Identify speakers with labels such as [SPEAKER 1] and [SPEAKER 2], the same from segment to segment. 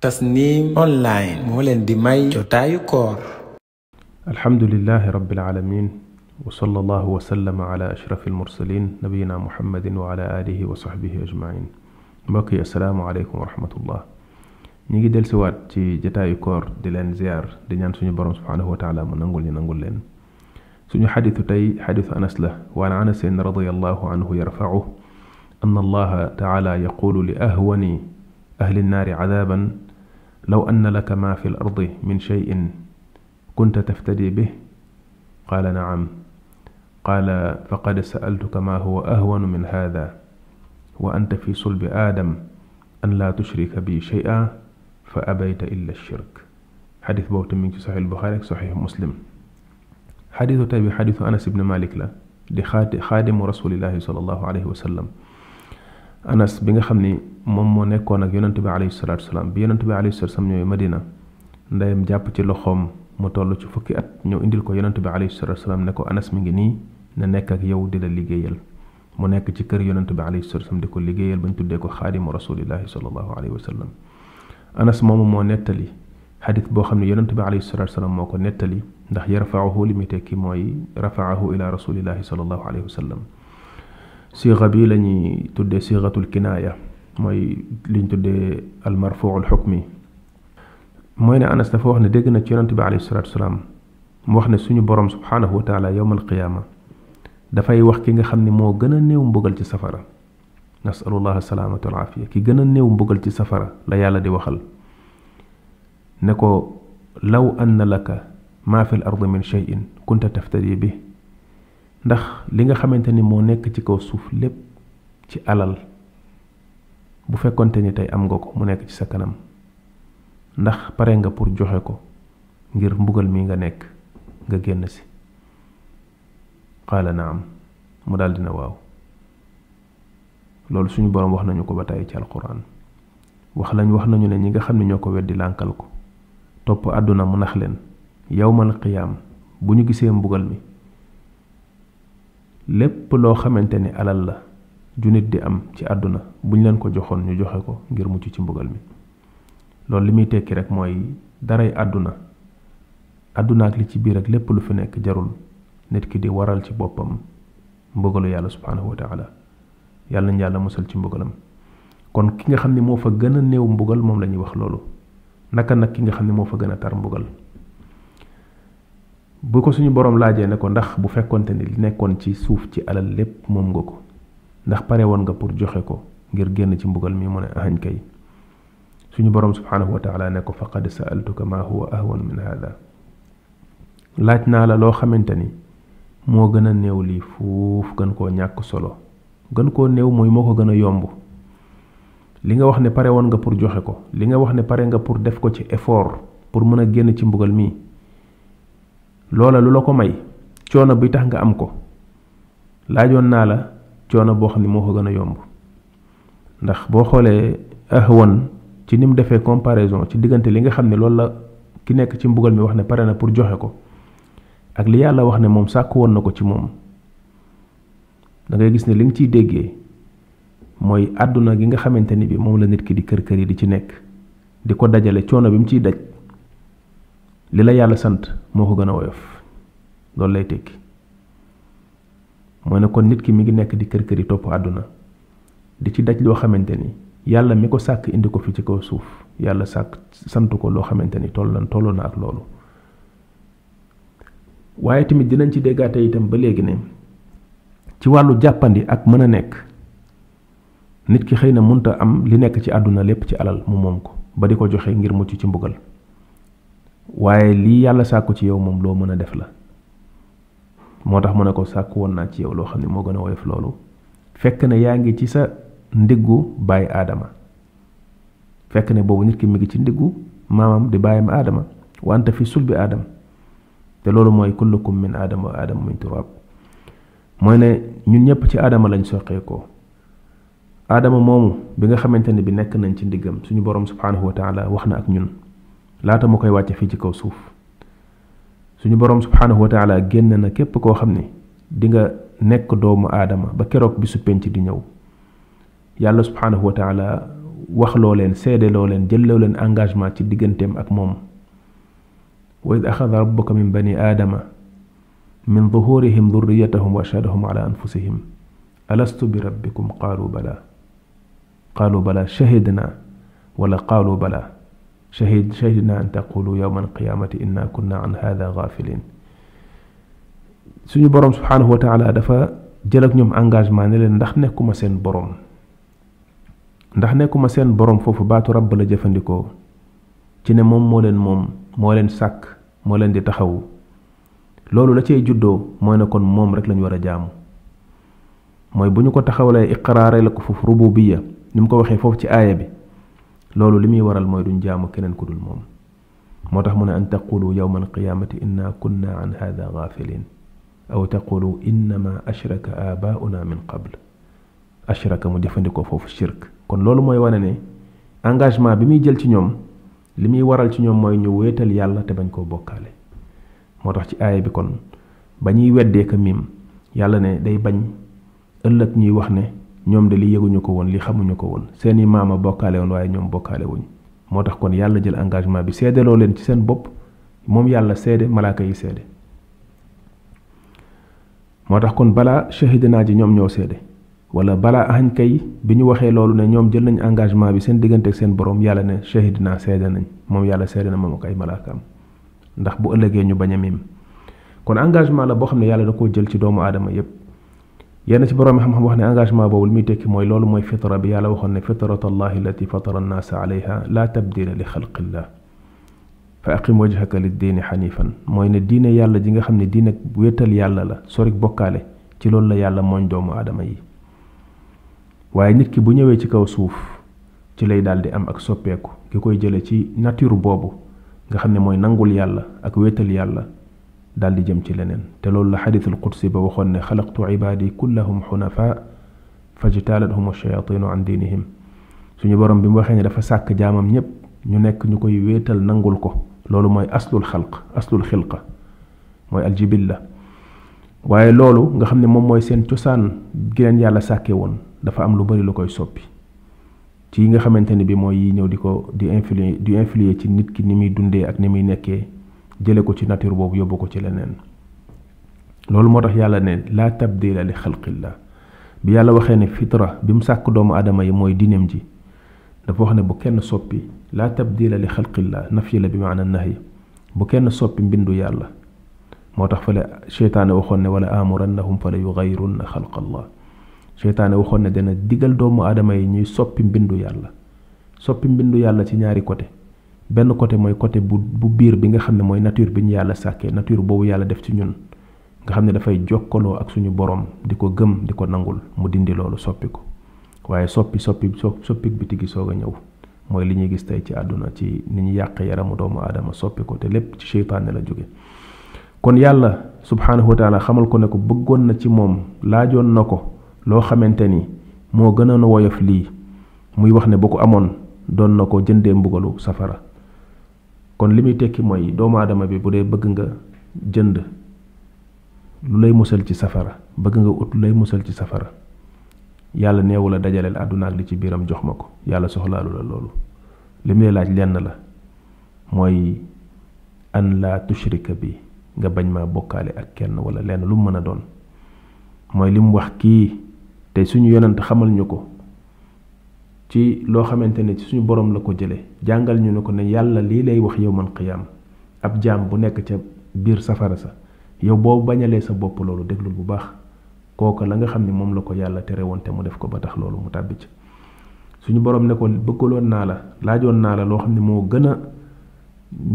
[SPEAKER 1] تسنيم اونلاين مولن دي جوتاي كور
[SPEAKER 2] الحمد لله رب العالمين وصلى الله وسلم على اشرف المرسلين نبينا محمد وعلى اله وصحبه اجمعين باقي السلام عليكم ورحمه الله نيجي دل سوات تي جتاي كور دي لين زيار دي نان سوني بروم سبحانه وتعالى مو نانغول ني لين سوني حديث تي حديث انس له وعن انس رضي الله عنه يرفعه ان الله تعالى يقول لاهوني اهل النار عذابا لو أن لك ما في الأرض من شيء كنت تفتدي به قال نعم قال فقد سألتك ما هو أهون من هذا وأنت في صلب آدم أن لا تشرك بي شيئا فأبيت إلا الشرك حديث بوت من صحيح البخاري صحيح مسلم حديث تابي حديث أنس بن مالك لا خادم رسول الله صلى الله عليه وسلم anas bi nga xam ni moom moo nekkoon ak yonent bi alayhi salatu salaam bi yonent bi alayhi salatu salaam ñëwee madina ndeyam jàpp ci loxoom mu toll ci fukki at ñëw indil ko yonent bi alayhi salatu salaam ne ko anas mi ngi nii na nekk ak yow di la liggéeyal mu nekk ci kër yonent bi alayhi salatu salaam di ko liggéeyal bañ tuddee ko xaadimu rasulillahi sallallahu alayhi wa sallam anas moomu moo nettali xadit boo xam ne yonent bi alayhi salatu salaam moo ko nettali ndax yarfaahu limité ki mooy rafaahu ila rasulillahi sallallahu alayhi wa sallam صيغه بي لا تودي صيغه الكنايه موي لي تودي المرفوع الحكمي موي انا استف واخنا دغنا تي نبي عليه الصلاه والسلام موخنا سونو بروم سبحانه وتعالى يوم القيامه دا فاي واخ كيغا خامني مو غنا نيو مبوغل تي سفرا نسال الله السلامه والعافيه كي غنا نيو مبوغل تي سفرا لا يالا دي وخال نكو لو ان لك ما في الارض من شيء كنت تفتدي به ndax li nga xamante ni moo nekk ci kaw suuf lépp ci alal bu fekkante ni tey am nga ko mu nekk ci sa kanam ndax pare nga pour joxe ko ngir mbugal mi nga nekk nga génn si xaala am mu daldi na waaw loolu suñu boroom wax nañu ko ba tàyyi ci alquran wax lañ wax nañu ne ñi nga xam ne ñoo ko weddi lànkal ko topp àdduna mu nax leen yawmal qiyaam bu ñu gisee mbugal mi lépp loo xamante ni alal la ju nit di am ci àdduna buñ leen ko joxoon ñu joxe ko ngir mucc ci mbugal mi loolu li muy tekki rek mooy daray àdduna àdduna ak li ci biir ak lépp lu fi nekk jarul nit ki di waral ci boppam mbugalu yàlla subhaanahu wa taala yàlla nañ yàlla musal ci mbugalam kon ki nga xam ni moo fa gën a néew mbugal moom la ñuy wax loolu naka nag ki nga xam ne moo fa gën a tar mbugal bu ko suñu borom laajee ne ko ndax bu fekkonte ni li nekkoon ci suuf ci alal lépp moom nga ko ndax pare woon nga pour joxe ko ngir génn ci mbugal mi mu ne ahañ kay suñu borom subhanahu wa taala ne ko faqad sa'altuka ma huwa ahwan min hadha laaj naa la loo xamante ni moo gën a néew li fuuf gën koo ñàkk solo gën koo néew mooy moo ko gën a yomb li nga wax ne pare woon nga pour joxe ko li nga wax ne pare nga pour def ko ci effort pour mën a génn ci mbugal mii loola lu la ko may coono bi tax nga am ko laajoon naa la coono boo xam ne moo ko gën a yomb ndax boo xoolee won ci ni mu defee comparaison ci diggante li nga xam ne loolu la ki nekk ci mbugal mi wax ne pare na pour joxe ko ak li yàlla wax ne moom sàkk woon na ko ci moom dangay gis ne li nga ciy déggee mooy àdduna gi nga xamante ni bi moom la nit ki di kër kër yi di ci nekk di ko dajale coono bi mu ciy daj li la yàlla sant moo ko gën a woyof loolu lay tekki mooy ne kon nit ki mi ngi nekk di kër kër yi topp àdduna di ci daj loo xamante ni yàlla mi ko sàkk indi ko fi ci kaw suuf yàlla sàkk sant ko loo xamante ni toll na toll na ak loolu waaye tamit dinañ ci déggaate itam ba léegi ne ci wàllu jàppandi ak mën a nekk nit ki xëy na munta am li nekk ci àdduna lépp ci alal mu moom ko ba di ko joxe ngir mucc ci mbugal waaye lii yàlla sàkku ci yow moom loo mën a def la moo tax mu ne ko sàkk woon naa ci yow loo xam ne moo gën a woyof loolu fekk ne yaa ngi ci sa ndiggu bàyyi aadama fekk ne boobu nit ki mu ngi ci ndiggu maamam di bàyyam aadama wa fi sul bi aadam te loolu mooy kullukum min aadama aadama muñ turaab mooy ne ñun ñëpp ci aadama lañ soqee ko aadama moomu bi nga xamante ne bi nekk nañ ci ndiggam suñu borom subhanahu wa wax na ak ñun laata mu koy wàcce fii ci kaw suuf suñu borom subhanahu wa taala génn na képp koo xam ne di nga nekk doomu aadama ba keroog bi su penc di ñëw yàlla subhanahu wa taala wax loo leen seede loo leen jëlloo leen engagement ci digganteem ak moom wa id axada rabbuka min bani aadama min ظهورهم ذريتهم وأشهدهم على أنفسهم ألست بربكم قالوا بلى قالوا بلى شهدنا ولا قالوا بلى شهد شهدنا أن تقولوا يوم القيامة إنا كنا عن هذا غافلين سنو بروم سبحانه وتعالى دفا جلق نيوم أنجاج نحن كم دخنكم سين بروم دخنكم سين بروم فوف باتو رب لجفن ديكو تيني موم مولن موم مولن ساك مولن دي تخو لولو لتي جدو موين كون موم رك لن يورا جامو موي بنيو كو تخو لأي إقرار لكو فوف ربوبية نمكو وخي فوف loolu li muy waral mooy duñ jaamu keneen ku dul moom moo tax mu ne an taqulu yowma alqiyamati inna kunna an hada ghafilin aw taqulu innama ashraka abauna min qabl ashraka mu jëfandikoo foofu shirk kon loolu mooy wane ne engagement bi muy jël ci ñoom li muy waral ci ñoom mooy ñu wéetal yàlla te bañ koo bokkaale moo tax ci aaya bi kon ba ñuy weddee ka miim yàlla ne day bañ ëllëg ñuy wax ne ñom de li yeguñu ko won li xamuñu ko won seeni maama bokale won waye ñom bokale wuñ motax kon yàlla jël engagement bi lo leen ci seen bop mom yàlla sédé malaaka yi sédé motax kon bala shahidina ji ñom ñoo sédé wala bala ahn kay biñu waxé lolu ne ñom jël nañ engagement bi seen digënté ak seen borom yàlla ne shahidina sédé nañ mom yàlla sédé na mom kay ay malaakaam ndax bu ëllëgee ñu baña mim kon engagement la bo xamné yàlla da ko jël ci doomu adama yépp yenn ci borom xam-xam wax ne engagement boobu mi tekki mooy loolu mooy fitra bi yàlla waxoon ne fitrat allah allati fatara annaasa alayha la tabdila li xalqillah fa aqim wajhaka li diini xanifan mooy ne diine yàlla ji nga xam ne diine wéetal yàlla la sorik bokkaale ci loolu la yàlla mooñ doomu aadama yi waaye nit ki bu ñëwee ci kaw suuf ci lay daal di am ak soppeeku ki koy jële ci nature boobu nga xam ne mooy nangul yàlla ak wéetal yàlla دال دي جيم لنين تلول الحديث القدسي بوخون خلقت عبادي كلهم حنفاء فاجتالتهم الشياطين عن دينهم سوني بروم بيم واخني دا ساك جامام نيب ني نيك نيكوي ويتال نانغول كو لولو موي اصل الخلق اصل الخلقه موي الجبله waaye loolu nga xam ne moom mooy seen cosaan gi leen yàlla sàkkee woon dafa am lu bëri lu koy soppi ci yi nga xamante ne bi mooy yi ñëw di ko di influer di influer ci nit ki ni muy dundee ak ni muy nekkee jële ko ci nature bobu yóbbu ko ci leneen loolu moo tax yàlla ne la tabdila li xalqillah bi yàlla waxee ne fitra bi mu sàkk doomu aadama yi mooy dinem ji dafa wax ne bu kenn soppi la tabdila li xalqillah nafyi la bi maana nahi bu kenn soppi mbindu yàlla moo tax fale cheytaane waxoon ne wala amurannahum fala yugayirunna xalqallah cheytaane waxoon ne dana digal doomu aadama yi ñuy soppi mbindu yàlla soppi mbindu yàlla ci ñaari côté benn côté mooy côté bu bu biir bi nga xam ne mooy nature bi ñu yàlla sàkkee nature boobu yàlla def ci ñun nga xam ne dafay jokkaloo ak suñu borom di ko gëm di ko nangul mu dindi loolu soppi ko waaye soppi soppi soppi bi tigi soog a ñëw mooy li ñuy gis tey ci àdduna ci ni ñu yàq yaramu doomu aadama soppi ko te lépp ci seytaane la jóge kon yàlla subhaanahu wa xamal ko ne ko bëggoon na ci moom laajoon na ko loo xamante ni moo gënoon a woyof lii muy wax ne bu amoon doon na ko jëndee mbugalu safara kon li muy tekki mooy doomu aadama bi bu dee bëgg nga jënd lu lay musal ci safara bëgg nga ut lu lay musal ci safara yàlla neewu la dajaleel àdduna ak li ci biiram jox ma ko yàlla soxlaalu la loolu li muy laaj lenn la mooy an laa tushrika bi nga bañ ma bokkaale ak kenn wala lenn lu mu mën a doon mooy li mu wax kii te suñu yonent xamal ñu ko ci loo xamante ne ci suñu boroom la ko jëlee jàngal ñu ne ko ne yàlla lii lay wax yow man xiyaam ab jaam bu nekk ca biir safara sa yow boo bañalee sa bopp loolu déglul bu baax kooka la nga xam ne moom la ko yàlla tere woon te mu def ko ba tax loolu mu tàbbi ca suñu borom ne ko bëggaloon naa la laajoon naa la loo xam ne moo gën a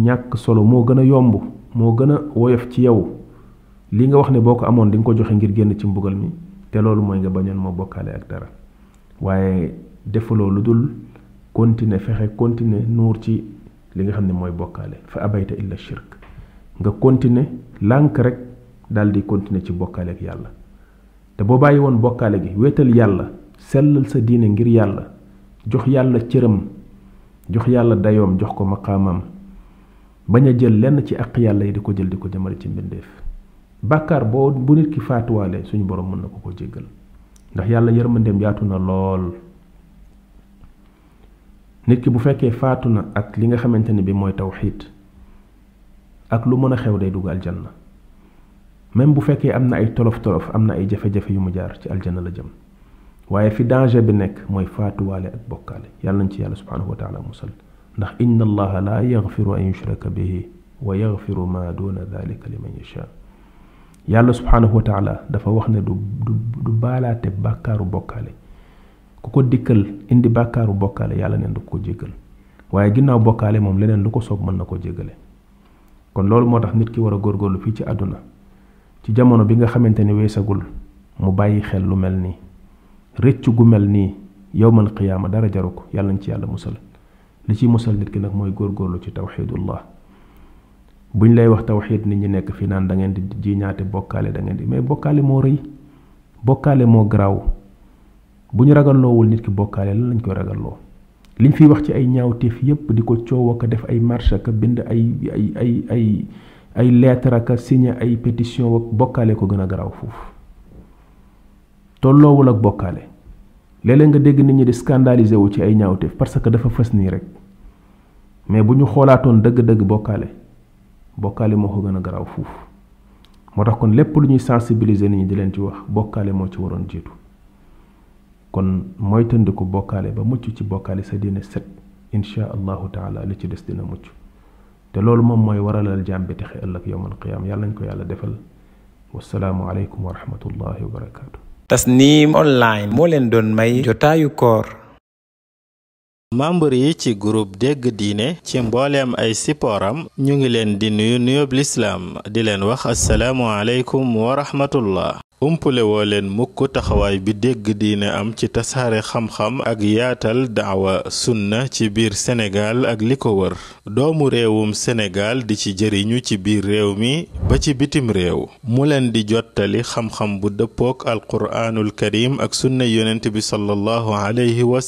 [SPEAKER 2] ñàkk solo moo gën a yomb moo gën a woyof ci yow li nga wax ne boo ko amoon di ko joxe ngir génn ci mbugal mi te loolu mooy nga bañoon moo bokkaale ak dara defaloo lu dul continuer fexe continuer nuur ci li nga xam ne mooy bokkaale fa abayta illa shirk nga continuer lànk rek daal di continuer ci bokkaale ak yàlla te boo bàyyi woon bokkaale gi wéetal yàlla sellal sa diine ngir yàlla jox yàlla cëram jox yàlla dayoom jox ko makaamam bañ a jël lenn ci àq yàlla yi di ko jël di ko jëmale ci mbindeef bàkkaar boo bu nit ki faatuwaale suñu borom mën na ko ko jéggal ndax yàlla yërmandeem yaatu na lool nit ki bu fekkee faatu na ak li nga xamante ni bi mooy tawxid ak lu mën a xew day dugg aljanna même bu fekkee am na ay tolof tolof am na ay jafe-jafe yu mu jaar ci aljanna la jëm waaye fi danger bi nekk mooy faatuwaale ak bokkaale yàlla nañ ci yàlla subhanahu wa taala musal ndax inna allaha la yaghfiru an yushraka bihi wa yaghfiru ma duna dhalika liman yasha yàlla subhanahu wa taala dafa wax ne du du baalaate bàkkaaru bokkaale ku ko dikkal indi bàkkaaru bokkaale yàlla neen du ko ko jéggal waaye ginnaaw bokkaale moom leneen lu ko soob mën na ko jéggale kon loolu moo tax nit ki war a góorlu fii ci àdduna ci jamono bi nga xamante ni weesagul mu bàyyi xel lu mel nii rëcc gu mel nii yowmal qiyaama dara jaru ko yàlla nañ ci yàlla musal li ci musal nit ki nag mooy góorgóorlu ci tawxidullah buñ lay wax tawxid nit ñi nekk fii naan da ngeen di jiñaate bokkaale dangeen di mais bokkaale moo rëy bokkaale moo garaaw bu ñu ragalloowul nit ki bokkaale lan lañ koy ragalloo liñ fiy wax ci ay ñaawtéef yépp di ko coow ak def ay marche ak bind ay ay ay ay ay lettre ak ay pétition ak bokkaale ko gën a garaaw foofu tolloowul ak bokkaale léeg nga dégg nit ñi di scandaliser wu ci ay ñaawteef parce que dafa fës nii rek mais bu ñu xoolaatoon dëgg-dëgg bokkaale bokkaale moo ko gën a garaaw foofu moo tax kon lépp lu ñuy sensibiliser nit ñi di leen ci wax bokkaale moo ci waroon jiitu kon moy ko bokale ba muccu ci bokale sa dina set insha allah taala li ci dess dina muccu te lolou mom moy waralal jaam bi texe ëllëg qiyam yàlla nañ ko yàlla defal wasalaamu alaykum wa rahmatullahi wa barakatuh
[SPEAKER 1] tasnim online mo len don may jotaayu koor membre yi ci groupe dégg diine ci mbooleem ay sippooram ñu ngi leen di nuyu nuyób lislaam di leen wax assalaamu aleykum wa rahmatullah umpule woo leen mukk taxawaay bi dégg diine am ci tasaare xam-xam ak yaatal daawa sunna ci biir senegaal ak li ko wër doomu réewum Sénégal di ci jëriñu ci biir réew mi ba ci bitim réew mu leen di jottali xam-xam bu dëppook alquraanul karim ak sunna yonent bi sallallahu alayhi wa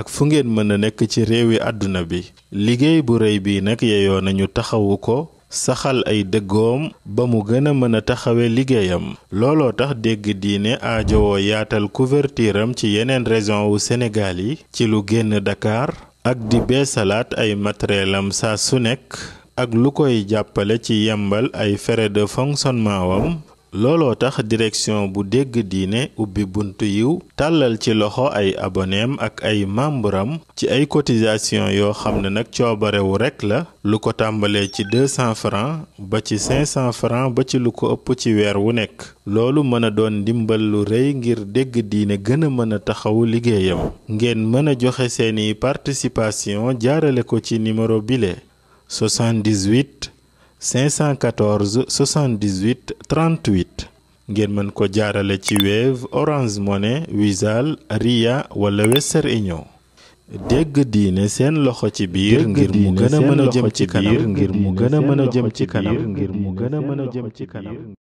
[SPEAKER 1] ak fu ngeen mën a nekk ci réewi àdduna bi liggéey bu rëy bi nag yeyoo nañu taxawu ko saxal ay dëggoom ba mu gën a mën a taxawe liggéeyam looloo tax dégg diine aajowoo yaatal couverture am ci yeneen région wu Sénégal yi ci lu génn Dakar ak di beesalaat ay matériel am saa su nekk ak lu koy jàppale ci yembal ay frais de fonctionnement wam looloo tax direction bu dégg diine ubbi bunt yiw tàllal ci loxo ay aboneem ak ay membres ci ay cotisations yoo xam ne nag coobarewu rekk la lu ko tàmbalee ci 200 francs ba ci 500 francs ba ci lu ko ëpp ci weer wu nekk loolu mën a doon ndimbal lu rëy ngir dégg diine gën a mën a taxawu liggéeyam ngeen mën a joxe seeni participation jaarale ko ci numéro bile 78 514 78 38 ngeen mën ko jaarale ci Wave Orange Money Wizall Ria wala Western dégg diine seen loxo ci biir ngir mu gën a mën a jëm ci kanam ngir mu gën a mën a jëm ci kanam ngir mu gën a
[SPEAKER 2] mën a jëm ci kanam